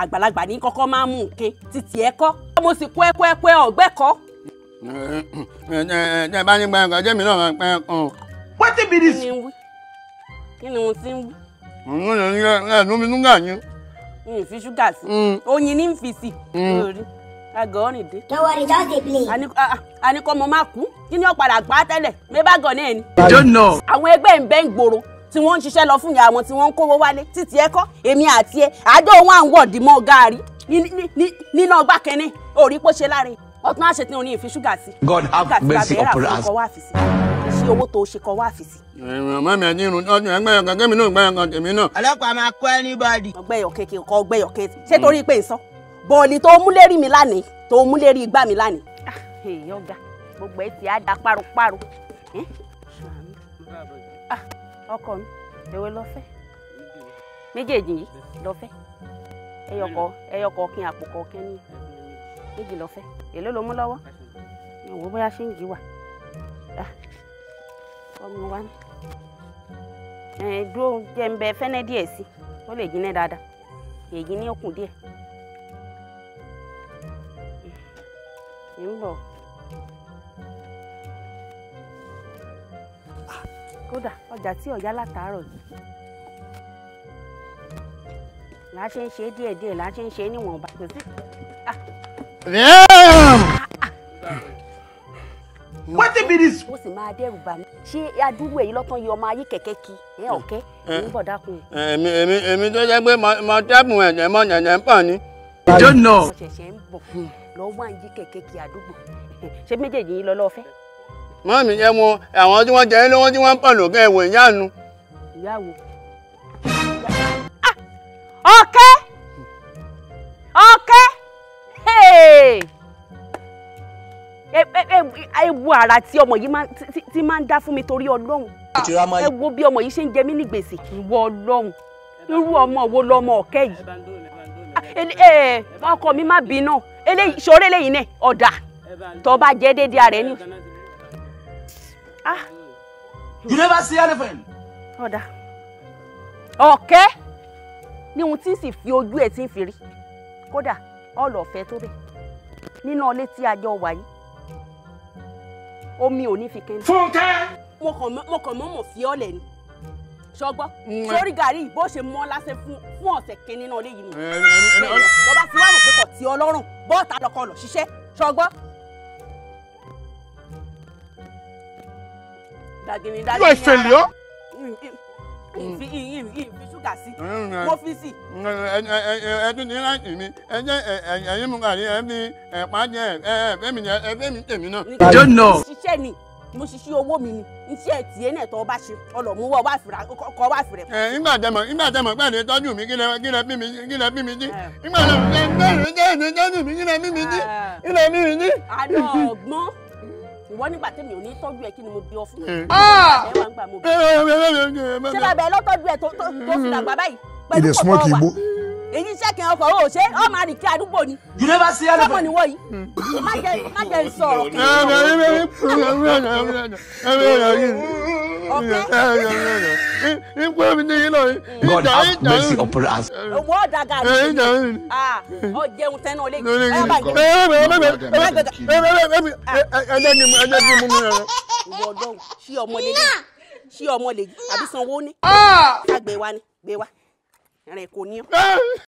àgbàlagbà ní kọ́kọ́ máa ń mú nǹkan títí ẹ kọ́ mo sì kọ́ ẹ̀kọ́ ẹ̀kọ́ ọ̀gbẹ́ kọ́. ẹ bá ní gbàngàn jẹ́ mi náà máa pẹ́ kan. wetin be this. kí ni mo ti ń wí. òun ló ń yẹ ẹnu mi núgà yín. n fi ṣúgà sí mm. oyin ní fi sí mm. lórí àgọ́ ọ̀rìn dé. don't worry just dey play. àníkọ́ mo máa kú kí ni ọ̀padà gbá tẹ́lẹ̀ mi bá gàn náà ni. I don't know. àwọn ẹgbẹ́ ń bẹ́ ń gbòòrò tí wọ́n ń ṣiṣẹ́ lọ fún ìyá wọn tí wọ́n ń kówó wálé títí ẹ̀kọ́ èmi àti ẹ àjọ wọn à ń mọ́ gaari nínú ọgbà kẹ́ni òrí pé ṣe láre ọtún àṣetí òní ìfi ṣúgà sí. God have mercy upon us. ṣé owó tó ṣe kọ wá àfìsí. màmá mi àti irun ọdún ẹgbẹ́ ọ̀kan kẹ́mi náà gbẹ́ ọ̀kan tèmi náà. ọlọ́pàá máa kọ́ anybody. ọgbẹ́yọ̀kẹ́ kì í kọ́ ọgbẹ́yọ̀kẹ́ ṣé mm. torí pé ìsọ bọ́ọ̀lì tó mú lérí mi lánàá tó mú lérí igbá mi lánàá. èèyàn ga gbogbo ẹ ti á da páropáro. Eh? ọkọ mi èwe ló fẹ́ méjèèjì yìí ló fẹ́ ẹyọkọ ẹyọkọ ọkìn àpò kọ̀ọ̀kan ní méjì ló fẹ́ èló ló mú lọ́wọ́ ìwọ bóyá ṣéǹgì wà ah, ọmọ wa ni dúró jẹ́ ń bẹ fẹ́nẹ́ díẹ̀ sí ó lè jinlẹ̀ dáadáa èyí ní òkun díẹ̀ ń bọ̀. kódà ọjà tí ọ̀yá látàárọ̀ yìí là á ṣe ń ṣe díẹ̀díẹ̀ là á ṣe ń ṣe níwọ̀nba kò sí. wetin be this. ó sì máa dẹ́rù bà mí ṣé àdúgbò èyí lọ́tàn yìí ọmọ ayé kẹ̀kẹ́ kí ẹ ọ̀kẹ́ èmi eh, bọ̀ dákun. Eh, èmi èmi èmi tó jẹ́ pé mo dábùn ẹ̀jẹ̀ mọ́ ẹ̀jẹ̀ ń pọ̀ ni. I don't know. ọ̀ṣẹ̀ṣẹ̀ ń bọ̀ lọ́wọ́ àǹjí kẹ̀kẹ́ kí àdúgbò ṣé méjèèjì yín lọ́lọ́ fẹ́ mọ́mí ẹ wo àwọn tí wọ́n jẹ ẹ́ lówó tí wọ́n ń pọ̀ lókè ẹ̀wọ̀ ìyáàánú. ìyáàwó. Ah! ọ̀kẹ́ ọ̀kẹ́ ewu ara tí ọmọ yìí ti máa ń dá fún mi torí ọlọ́run ẹ wo bí ọmọ yìí ṣe ń jẹ mí ní gbèsè ìwọ ọlọ́run irú ọmọ wo lọmọ ọ̀kẹ́ yìí ah, eh, ọkọ mi má bínú ṣòro eléyìí náà ọ̀dà tó bá jẹ́ déédéé ara ẹni ah you never see anything. ọ̀dà Okay. ni òun tí ń sì fi ojú ẹ̀ tí ń fi rí kódà ọlọ́ọ̀fẹ́ tó bẹ̀ nínú ọlé tí a jọ wà yìí omi ò ní fi kéde. fúnkẹ́. mo kàn mọ́ mo kàn mọ́ mọ̀ fi ọ́ lẹ̀ ni ṣọgbọ́ sórí gàrí bó ṣe mọ́ lásẹ̀ fún fún ọ̀sẹ̀ kìíní náà léyìí ni eh, eh, eh, bọ́ba ti wá rò pé kò tí ọlọ́run bọ́ọ̀tà lọ́kọ̀ lọ ṣiṣẹ́ ṣọgbọ́ dàgìrì dàgìrì. yóò ṣe lè ìfi ìfi ṣúgà sí mo fi sí. ẹdún ní láti mi ẹbí ẹpá jẹ ẹbí mi ẹbí tèmi náà. ìjọ nọ. ṣiṣẹ́ ni mo ṣiṣẹ́ owó mi ni iṣẹ́ ẹ̀ tiẹ̀ náà tó bá ṣe ọlọ́mú wọ́ fìrà kọ́ wá fìrẹ̀. ẹ ńgbà tẹmọ ńgbà tẹmọ pẹ̀lú ìtọ́jú mi kí lẹ bí mi kí lẹ bí mi dín ńgbà tẹmọ pẹ̀lú ìtọ́jú mi kí lẹ bí mi dín kí lẹ bí mi dín. àná ọgbọ́n wọ́n nígbà tí mi ò ní tọ́jú ẹ kí ni mo bí ọ fún mi. ṣé bàbá ẹ lọ tọ́jú ẹ tó fi dàgbà báyìí pẹ̀lú kòkó wa èyí iṣẹ́ kí n ọkọ̀ ò ṣe ọ́ máa rìn kí àdúgbò ni. you never see anybody. sọ́mọ níwọ̀ yìí má jẹ́ sọ̀rọ̀ kí n sọ̀rọ̀ ọ̀kẹ́. n pẹ́ mi ní yín náà. God have mercy upon us. owó ọ̀dà gàdí. ọ jẹun tẹnu olè. ẹ bá jẹun. ẹ bẹ ẹ bẹ ẹ bẹ ẹ bẹ ẹ bẹ ẹ jẹ́ kí ẹ jẹ́ kí mú mi rẹ. ìwọ ọdọ́run ṣí ọmọ lè ní ṣí ọmọ lè àbí sanwó ní. ká gbé wa ní gbé wa rìn kò ní.